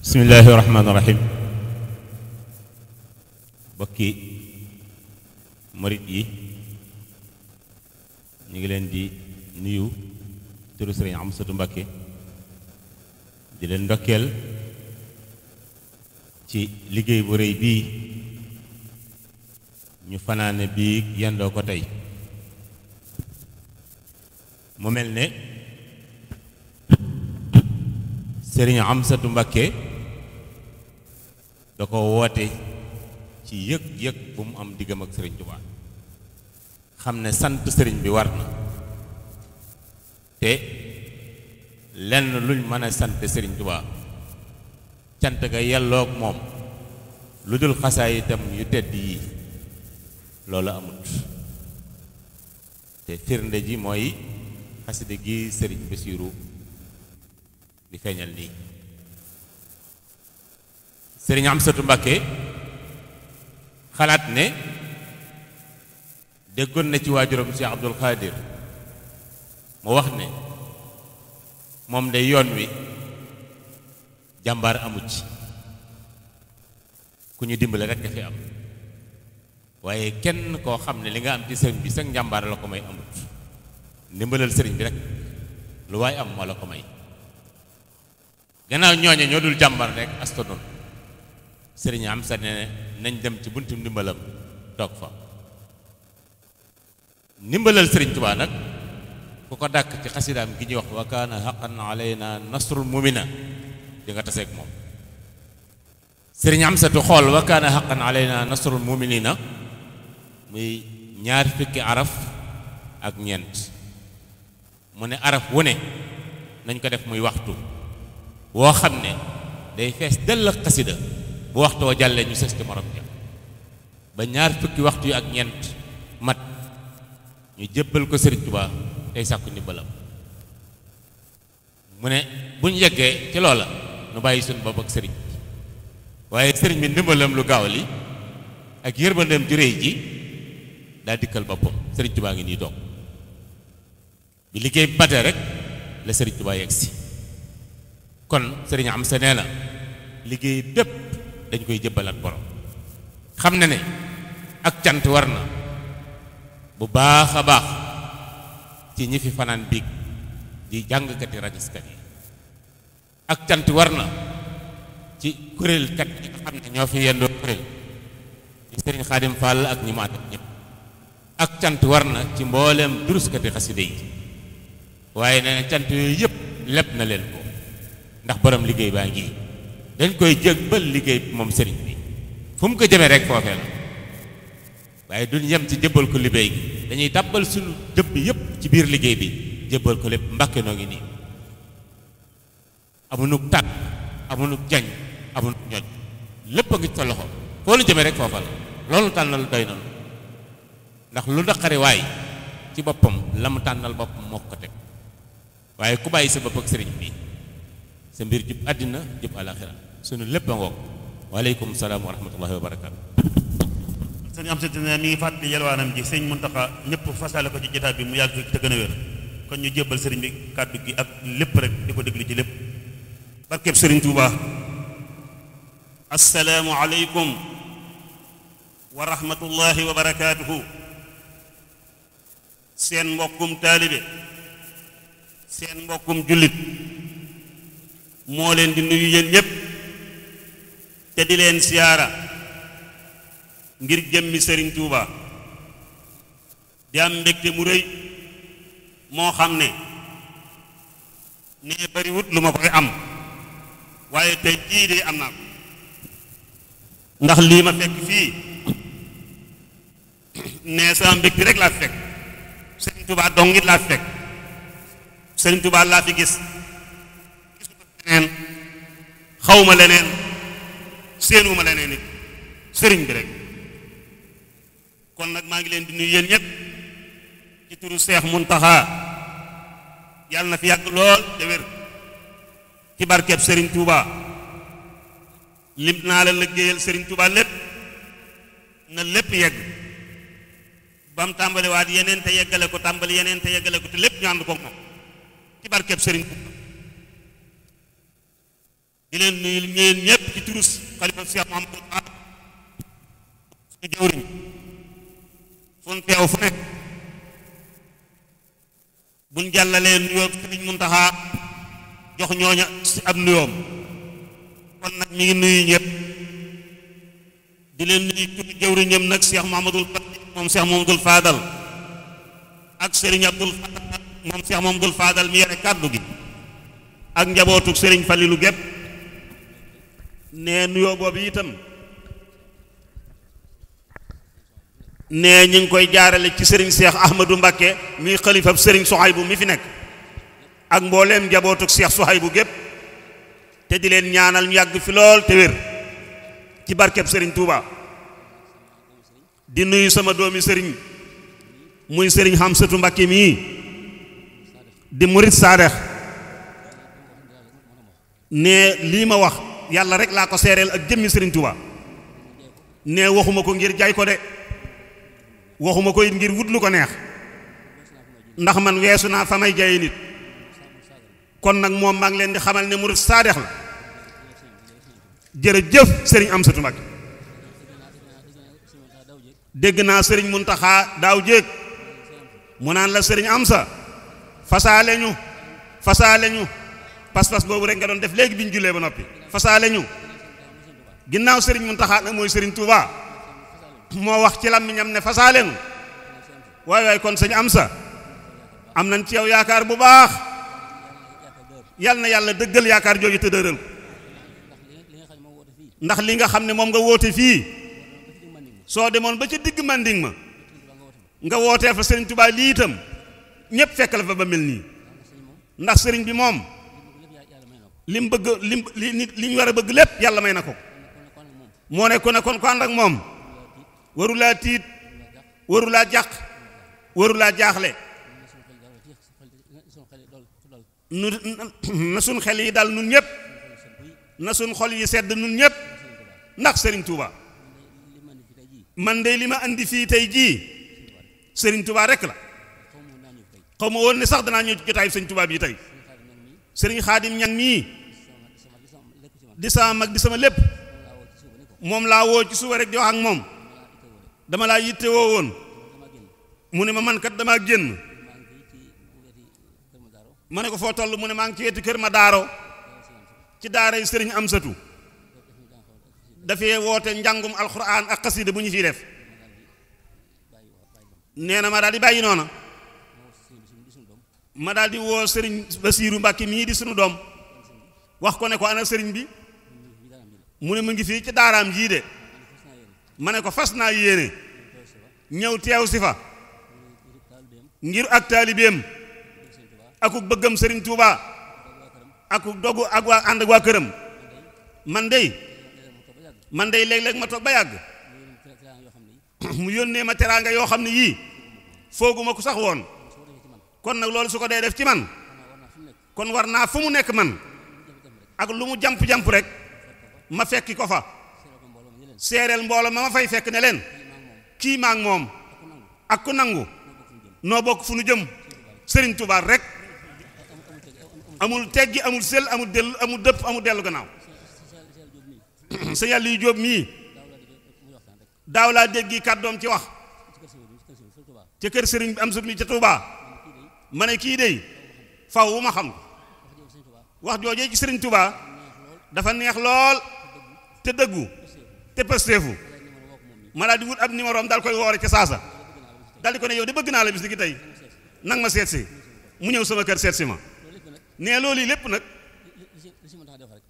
bismillaahi rahmaani rahim bokki murit yi ñu ngi leen di nuyu turu sëriñ Amsatu Mbakke di leen ndokkeel ci liggéey bu rëy bii ñu fanaane bii yendoo ko tey mu mel ne sëriñ Amsatu Mbakke da ko woote ci yëg-yëg bu mu am diggam ak sëriñ Tuubaa xam ne sant sëriñ bi war na te lenn luñ mën a sant sëriñ Tuubaa cant ga yelloog moom lu dul xasaay itam yu tedd yii loolu amut te firnde ji mooy xaside gi sëriñ Basiiru di feeñal nii sëriñ Amsatu mbakke xalaat ne déggoon na ci waajuram Cheikh Abdul Xaadir mu wax ne moom day yoon wi jàmbaar amu ci ku ñu dimbale rek a fi am waaye kenn koo xam ne li nga am ci sëriñ bi sag njàmbaar la ko may amut ndimbalal sëriñ bi rek lu waaye am la ko may gannaaw ñooñe ñoo dul jàmbaar rek astonoon sëriñ am sa ne nañ dem ci buntu ndimbalam toog fa ndimbalal sëriñ Tuubaa nag ku ko dàkk ci xasidaam gi ñuy wax wa kaana haqqan alayna nasrul mumina di nga taseeg moom sëriñ am satu xool wa kaana haqqan alayna nasrul muminina muy ñaar fukki araf ak ñeent mu ne araf wu ne nañ ko def muy waxtu woo xam ne day fees dell xasida bu waxtoo jàllee ñu sës ci morom ja ba ñaar fukki waxtu yi ak ñeent mat ñu jébbal ko Sëriñ Tuubaa tey sàkku ndimbalam mu ne buñ yeggee ci loola nu bàyyi suñ bopp ak sëriñ waaye sëriñ bi ndimbalam lu gaaw li ak yërmandeem ju réy ji daa dikkal boppam Sëriñ Tuubaa ngi nii doog bi liggéey bi rek la Sëriñ Tuubaa yegg si kon sëriñ am sa nee liggéey bépp dañ koy jëbbalaat borom xam na ne ak cant war na bu baax a baax ci ñi fi fanaan biig di jàngkati rajiskat yi ak cant war na ci kuréel kat yi nga xam ne ñoo fi yendoo kuréel di sëriñ xaadim Fall ak ñi mu ànd ak cant war na ci mbooleem duruskati xaside yi waaye ne cant yooyu yëpp lépp na leen ko ndax borom liggéey baa ngi dañ koy jëgbal liggéey bi moom sëriñ bi fu mu ko jëmee rek foofee la waaye duñ yem ci jëbbal ko libbéey gi dañuy tàbbal suñu dëbb yépp ci biir liggéey bi jëbbal ko lépp mbàkke noo ngi nii amuñu tànn amuñu jañ amuñu ñoj lépp a ngi sa loxo foo lu jëmee rek foofa la loolu tànnal doy noonu ndax lu naqari waay ci boppam la mu tànnal boppam moo ko teg waaye ku bàyyi sa bopp sëriñ bi sa mbir jub àddina jub àlaxira sunu lépp a ngoog waaleykum salaam wa rahmatullahi wa barakaatu. sëñ am sëñ ne mi ngi fàttali yalwaanam ji sëñ Muntaxa ñëpp fasale ko ci jotaay mu yàgg fi te gën kon ñu jébbal sëriñ bi kàddu gi ak lépp rek di ko déglu ci lépp. barkeb sëriñ Tuuba. asalaamu aleykum wa rahmatullahi wa barakaatuhu. seen mbokkum taalibe seen mbokkum jullit moo leen di nuyu yéen te di leen siyaara ngir jëmmi sëriñ Tuuba di am mbégte mu rëy moo xam ne nee bariwut lu ma koy am waaye tey jii de am naa ko ndax lii ma fekk fii nee sama mbégte rek laa fekk sëriñ Tuuba dongit laa fekk sëriñ Tuuba laa fi gis xawma leneen seenuma leneen nit sëriñ bi rek kon nag maa ngi leen di nuyu yéen ñëpp ci turu seex muntaxa yàlla na fi yàgg lool te wér ci barkeeb sëriñ Touba lim naa la liggéeyal sëriñ Touba lépp na lépp yegg bam mu tàmbali waat yeneen te yeggale ko tàmbali yeneen te yeggale ko te lépp ñu ànd ko ci barkeeb sëriñ Touba di leen nuyu ñeen ñëpp Durus xalifa Cheikh Mamadou Aad suñu jàllalee nuyoo Sëriñ Muntaxa jox ñooña si ab nuyoom kon nag mi ngi nuyu ñëpp di leen nuyu turu jawriñam nag Cheikh Mamadou moom Cheikh Mamadou Fadal ak Serigne Abdoul moom Cheikh Mamadou Fadal mi yore kàddu gi ak njabootu Serigne Falilou gépp nee nuyoo boobu itam nee ñu ngi koy jaarale ci sëriñ seex ahmadu mbakke muy xalifab sëriñ Sohaybu mi fi nekk ak mbooleem njabootug seex Sohaybu gépp te di leen ñaanal yàgg fi lool te wér ci barkeb sëriñ Touba di nuyu sama doomi sëriñ muy sëriñ Xamsatu Mbàkke mii di murit saadex ne lii ma wax yàlla rek laa ko seereel ak jëmmi Serigne Touba ne waxuma ko ngir jaay ko de waxuma ko it ngir wut lu ko neex ndax man weesu naa fa may jaay nit kon nag moom maa ngi leen di xamal ne murid saadex la jërëjëf Serigne Amsatou Mbacké dégg naa mun taxa daaw jéeg mu naan la Serigne Amsa fasaale ñu fasaale ñu. pas-pas boobu rek nga doon def léegi bi ñu jullee ba noppi fasaale ñu ginnaaw sëriñ Muntaxa nag mooy sëriñ Touba moo wax ci làmmiñam ne fasaale nu waay waay kon sëñ am sa am nañ ci yow yaakaar bu baax yal na yàlla dëggal yaakaar jooju te dëral ndax li nga xam ne moom nga woote fii soo demoon ba ca digg manding ma nga wootee fa sëriñ Touba lii itam ñëpp fekk la fa ba mel nii ndax sëriñ bi moom lim bëgg lim li li ñu war a bëgg lépp yàlla may na ko moo ne ku ne kon ko ànd ak moom warulaa tiit warulaa jàq warulaa jaaxle nu na suñ xel yi dal nun ñëpp na suñ xol yi sedd nun ñëpp ndax sëriñ Touba man de li ma indi fii tey jii sëriñ Touba rek la xaw ma woon ne sax danaa ñëw jotaay sëriñ Touba bii tey sëriñ Xaadim ñan mii di sama mag di sama lépp moom laa woo ci suba rek di wax ak moom dama laa yitte woo woon mu ne ma man kat damaa génn ma ne ko foo toll mu ne maa ngi ci wetu kër ma daaro ci daara yi sëriñ am satu dafee woote njàngum alxuraan ak xasida bu ñu fiy def nee na ma daal di bàyyi noona ma daal di woo sëriñ Basiiru Mbàkke mii di sunu doom wax ko ne ko ana sëriñ bi mu ne mu ngi fii ci daaram jii de ma ne ko fas naa yéene ñëw teew si fa ngir ak taalibeem aku bëggam sëriñ tuuba ak ku dogu ak waa ànd ak waa këram man dey man dey léeg-léeg ma toog ba yàgg mu yónnee ma teraanga yoo xam ne yii fooguma ko sax woon kon nag loolu su ko dee def ci man kon war naa fu mu nekk man ak lu mu jamp-jamp rek ma fekki ko fa seereel mbooloo ma ma fay fekk ne leen kii maak moom ak ku nangu noo bokk fu nu jëm sëriñ Tuubaa rek amul teggi amul sel amul dellu amul dëpp amul dellu gannaaw sa yàlla yu jóob mii daaw laa déggi kàddoom ci wax ca kër sëriñ bi am sut mi ca Tuubaa ma ne kii dey faw wu ma xam wax joojee ci sëriñ Tuubaa dafa neex lool te dëggu te pësteefu malaa di wut ab numéro am daal koy woore ca saasa daal di ko ne yow di bëgg naa la bis ni ki tey nang ma seet mu ñëw sama kër seet si ma nee loolu yi lépp nag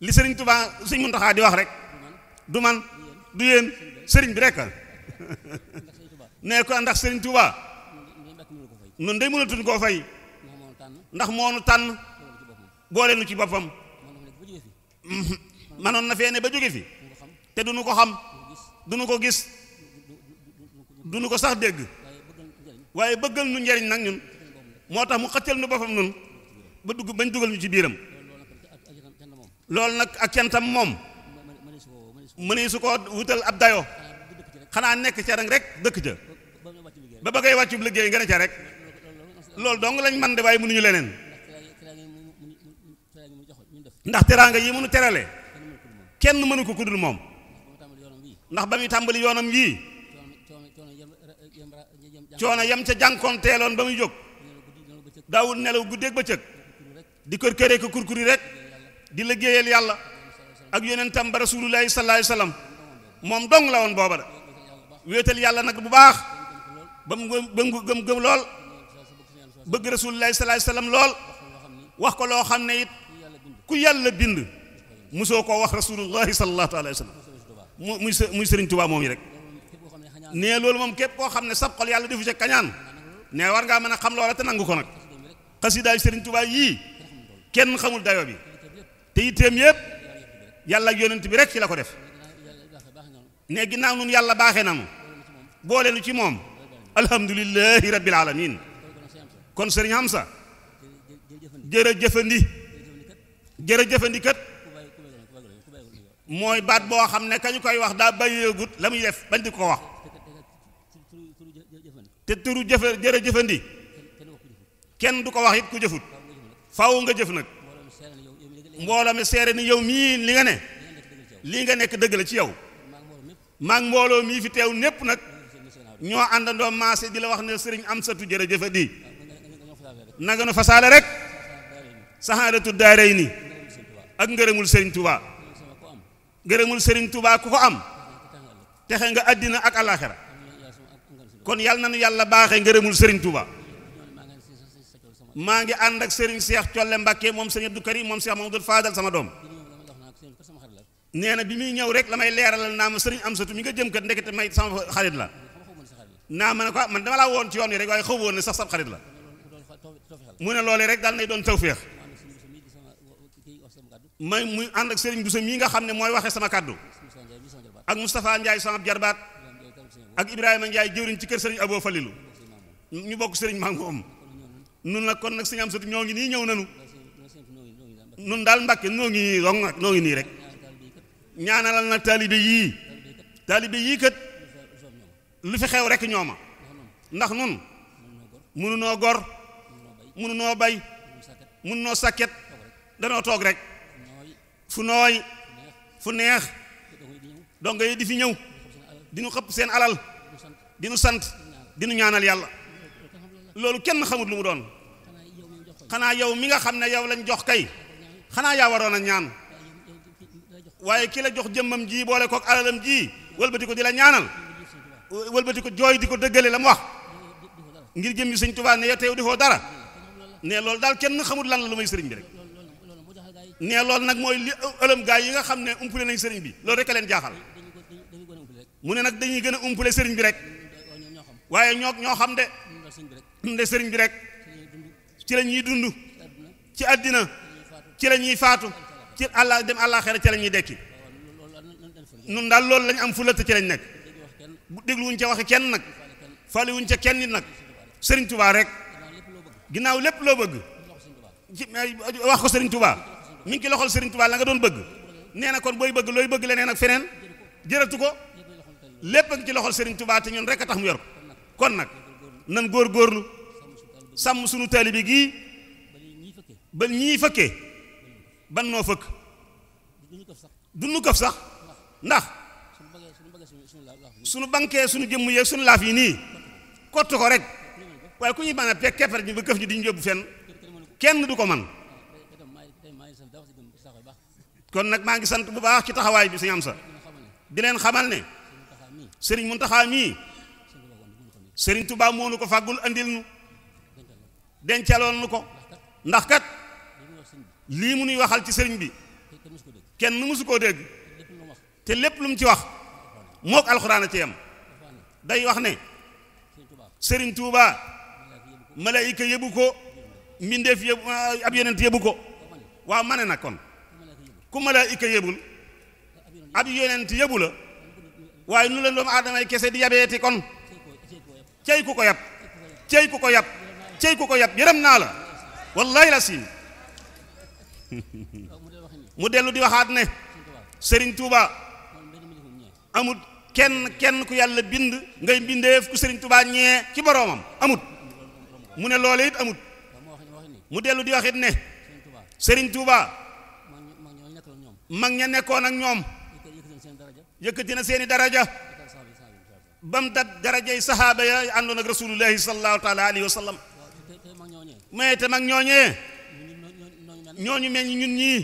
li sëriñ Tuubaa sëriñ Muntaxaa di wax rek du man du yéen sëriñ bi rek nee ko ndax sëriñ Tuubaa nun day mënatuñ koo fay ndax moonu tànn boole ci boppam manoon na fee ne ba jóge fi te duñu ko xam duñu ko gis duñu ko sax dégg waaye bëggal nu njariñ nag ñun moo tax mu xëccal nu boppam nun ba dugg bañ dugal ñu ci biiram lool nag ak cantam moom mënee su ko wutal ab dayo xanaa nekk ca rek dëkk ca ba bëggee wàccub liggéey nga ne ca rek loolu dong lañ man de waaye mu ñu leneen ndax teraanga yi mënu terale kenn mënu ko kuddul moom ndax ba muy tàmbali yoonam yii coono yam ca jànkoonteeloon ba muy jóg daawul nelaw guddeeg bëccëg di kër këree ko kurkuri rek di liggéeyal yàlla ak yonentam ba rasulullahi sallallahu alayhi moom dong la woon booba da wéetal yàlla nag bu baax ba mu gëm gëm lool bëgg rasulullahi sallallahu alayhi wasallam lool wax ko loo xam ne it ku yàlla bind mosoo koo wax rasulullahi sallallahu alayhi wasallam mu muy muy Serigne Touba moom yi rek nee loolu moom képp koo xam ne sab xol yàlla defu ca kañaan ne war ngaa mën a xam loola te nangu ko nag xasidaay Serigne Touba yii kenn xamul dayo bi te itteem yëpp yàlla ak bi rek ci la ko def ne ginnaaw nun yàlla baaxee nanu boole nu ci moom alhamdulilahi rabbil alamin kon Serigne Hamza a jërëjëfandi kat mooy baat boo xam ne kañu koy wax daa bàyyeegut la muy def bañ di ko wax te turu jëfe jërë jëfandi kenn du ko wax it ku jëfut faw nga jëf nag mbooloo mi seere ni yow mii li nga nga nekk dëgg la ci yow maag mbooloo mii fi teew népp nag ñoo àndandoo maase di la wax ne sëriñ am satu jërë jëfandi naganu fasaale rek saxaadatu daaray ni ak ngërëmul sëriñ Tuubaa ngërëmul sëriñ Touba ku ko am texe nga àddina ak alaxira kon yàlla na nu yàlla baaxee ngërëmul sëriñ Touba maa ngi ànd ak sëriñ Cheikh Colle Mbacke moom sëriñ Abdou Karim moom Cheikh Mamadou Fadal sama doom nee na bi muy ñëw rek la may leeralal naa ma sëriñ Amsatu mi nga jëm kat ndekete may sama xarit la naa ma ne ko ah man dama laa woon ci yoon yi rek waaye xaw woon ne sax sab xarit la mu ne loolee rek daal nay doon tawféex may muy ànd ak Serigne Bousso mii nga xam ne mooy waxee sama kaddu ak Moustapha Ndiaye sama jarbaat ak Ibrahima Ndiaye jëwriñ ci kër Serigne Abo Falilou ñu bokk Serigne maa ngi moom nun nag kon nag suñu am sëtu ñoo ngi nii ñëw nanu nun daal Mbàkke noo ngi nii dong noo ngi nii rek ñaanalal nag taalibe yii taalibe yii kat lu fi xew rek ñooma ndax nun mënu noo gor mënu noo bay mënu noo sàkket danoo toog rek fu nooy fu neex donga yi di fi ñëw dinu xëpp seen alal dinu sant dinu ñaanal yàlla loolu kenn xamut lu mu doon xanaa yow mi nga xam ne yow lañ jox kay xanaa yaa waroon a ñaan waaye ki la jox jëmmam ji boole kook alalam ji wëlbati ko di la ñaanal wëlbati ko jooy di ko dëggale la mu wax ngir jëm bi sëñ Tuubaa ne yow teew defoo dara ne loolu daal kenn xamut lan la lu may sëriñ bi rek nee loolu nag mooy li ëlëm gaay yi nga xam ne umpule nañ sëriñ bi loolu rek a leen jaaxal mu ne nag dañuy gën a umpule sëriñ bi rek waaye ñoo ñoo xam de ñun de sëriñ bi rek ci la ñuy dund ci àddina ci la ñuy faatu ci àlla dem àllaaxira ci la ñuy dekki nun daal loolu lañ am fulata ci lañ nekk bu dégluwuñ ca waxe kenn nag faliwuñ ca kenn nag sëriñ tubaa rek ginnaaw lépp loo bëgg wax ko sëriñ tubaa mi ngi ci loxol Serigne Touba la nga doon bëgg nee na kon booy bëgg looy bëgg leneen ak feneen jëratu ko lépp a ngi ci loxol sëriñ Touba te ñun rek a tax mu yor kon nag nan góorgóorlu sàmm sunu taalibe gii ba ñii fëkkee ban noo fëkk duñu këf sax ndax suñu bankee suñu jëmm yeeg suñu laaf yi nii kott ko rek waaye ku ñuy mën a pek keppar ñu ba këf ñu di ñu yóbbu fenn kenn du ko man kon nag maa ngi sant bu baax ci taxawaay bi suñu am sa di leen xamal ne sëriñ mun mii sëriñ Tuubaa moo nu ko fàggul andil nu dencaloon nu ko ndax kat lii mu nuy waxal ci sëriñ bi kenn mësu koo dégg te lépp lum ci wax mook alxuraan a ci yam day wax ne sëriñ Tuubaa malaayika yëbu ko mbindeef yëbu ab yonent yëbu ko waaw ma nag kon ku malaayika yëbul ab yonent yëbu la waaye nu leen doomu aadamay kese di yabeeti kon cey ku ko yab cey ku ko yab cey ku ko yab yërëm naa la wallahi la siim mu dellu di waxaat ne sëriñ Touba amut kenn kenn ku yàlla bind ngay bindeef ku sëriñ Touba ñee ci boroomam amut mu ne loole it amut mu dellu di wax ne sëriñ Touba mag ña nekkoon ak ñoom yëkkati na seeni daraja bam dat darajay saxaaba ya àndoon ak rasulullahi sallallahu taala alayhi wa sallam mais te mag ñooñee ñooñu mel ni ñun ñii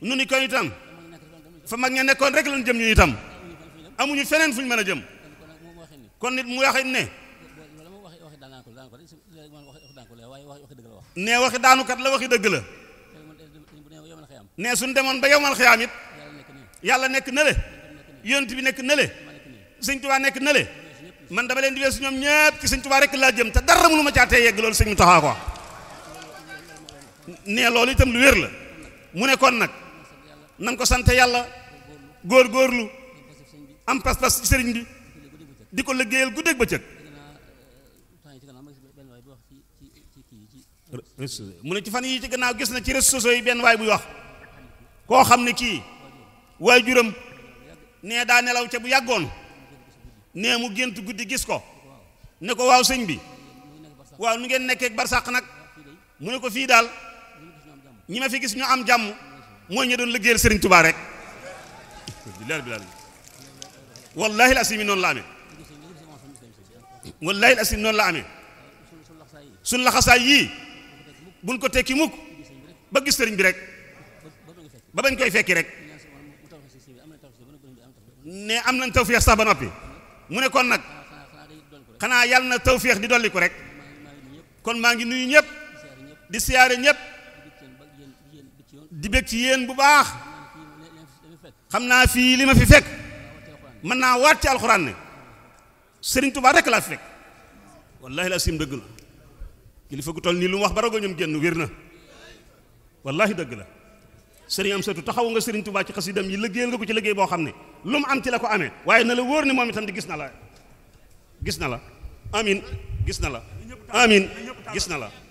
nu ni koy itam fa mag ña nekkoon rek lañ jëm ñu itam amuñu feneen fuñ mën a jëm kon nit mu waxit ne ne waxi daanukat la waxi dëgg la ne suñ demoon ba yowmal xiyaam it yàlla nekk na le bi nekk na le sëñ tubaa nekk na man dama leen di weesu ñoom ñëpp ci sëñ tubaa rek laa jëm te dara mënu ma caatee yegg loolu sëñ mu taxaa ko ne loolu itam lu wér la mu ne kon nag nan ko sant yàlla góor-góorlu am pas-pas ci sëriñ bi di ko liggéeyal guddeeg bëccëg mu ne ci fan yi ci gannaaw gis na ci réseaux sociaux yi benn waay buy wax koo xam ne kii waa waajuram nee daa nelaw ca bu yàggoon nee mu gént guddi gis ko ne ko waaw sëñ bi waaw nu ngeen nekkee barsàq nag mu ne ko fii daal ñi ma fi gis ñu am jàmm mooy ñu doon liggéeyal sëriñ Tuubaa rek wallaahi la asimi la amee wallaahi la asimi noonu la amee suñ laxasaay yii buñ ko tekki mukk ba gis sëriñ bi rek ba bañ koy fekki rek ne am nañ tawféex sax ba noppi mu ne kon nag xanaa yàlla na tawféex di ko rek kon maa ngi nuyu ñëpp di siyaare ñëpp di bég ci yéen bu baax xam naa fii li ma fi fekk mën naa waat ci alxuraan ne sëriñ Tuubaa rek laa fi fekk wallaahi la sim dëgg la kilifa gu toll nii lu mu wax ba rago ñoom génn wér na wallaahi dëgg la sëriñ am sëtu taxawu nga sëriñ Tuubaa ci xasidam yi liggéeyal nga ko ci liggéey boo xam ne lu mu am ci la ko amee waaye na la wóor ne moom itam di gis na la gis na la amin gis na la amin gis na la